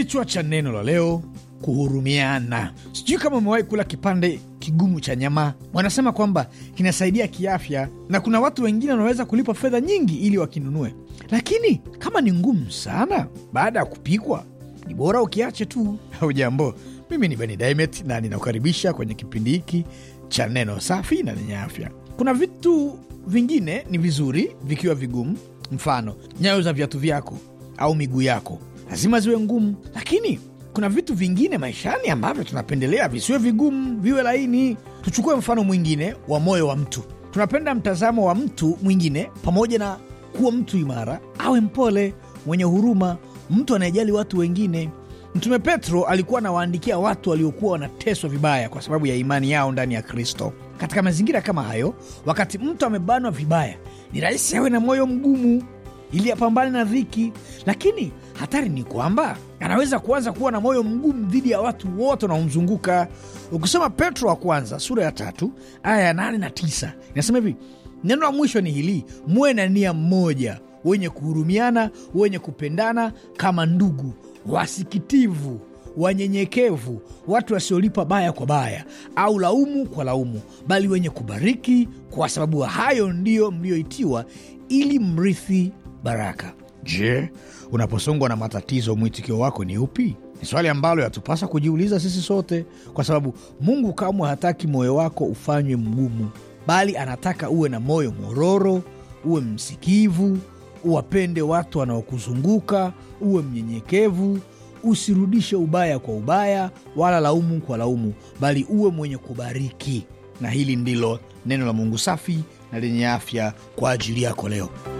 Kichwa cha neno la leo kuhurumiana. Sijui kama umewahi kula kipande kigumu cha nyama. Wanasema kwamba kinasaidia kiafya, na kuna watu wengine wanaweza kulipa fedha nyingi ili wakinunue, lakini kama ni ngumu sana, baada ya kupikwa ni bora ukiache tu. Hujambo, mimi ni Beni Dimet na ninakukaribisha kwenye kipindi hiki cha neno safi na lenye afya. Kuna vitu vingine ni vizuri vikiwa vigumu, mfano nyayo za viatu vyako au miguu yako lazima ziwe ngumu, lakini kuna vitu vingine maishani ambavyo tunapendelea visiwe vigumu, viwe laini. Tuchukue mfano mwingine wa moyo wa mtu. Tunapenda mtazamo wa mtu mwingine, pamoja na kuwa mtu imara, awe mpole, mwenye huruma, mtu anayejali watu wengine. Mtume Petro alikuwa anawaandikia watu waliokuwa wanateswa vibaya kwa sababu ya imani yao ndani ya Kristo. Katika mazingira kama hayo, wakati mtu amebanwa vibaya, ni rahisi awe na moyo mgumu ili apambane na dhiki, lakini Hatari ni kwamba anaweza kuanza kuwa na moyo mgumu dhidi ya watu wote wanaomzunguka. Ukisoma Petro wa kwanza sura ya tatu aya ya nane na tisa inasema hivi, neno la mwisho ni hili, muwe na nia mmoja, wenye kuhurumiana, wenye kupendana kama ndugu, wasikitivu wanyenyekevu, watu wasiolipa baya kwa baya au laumu kwa laumu, bali wenye kubariki, kwa sababu hayo ndiyo mliyoitiwa, ili mrithi baraka. Je, unaposongwa na matatizo mwitikio wako ni upi? Ni swali ambalo yatupasa kujiuliza sisi sote, kwa sababu Mungu kamwe hataki moyo wako ufanywe mgumu, bali anataka uwe na moyo mororo, uwe msikivu, uwapende watu wanaokuzunguka, uwe mnyenyekevu, usirudishe ubaya kwa ubaya, wala laumu kwa laumu, bali uwe mwenye kubariki. Na hili ndilo neno la Mungu safi na lenye afya kwa ajili yako leo.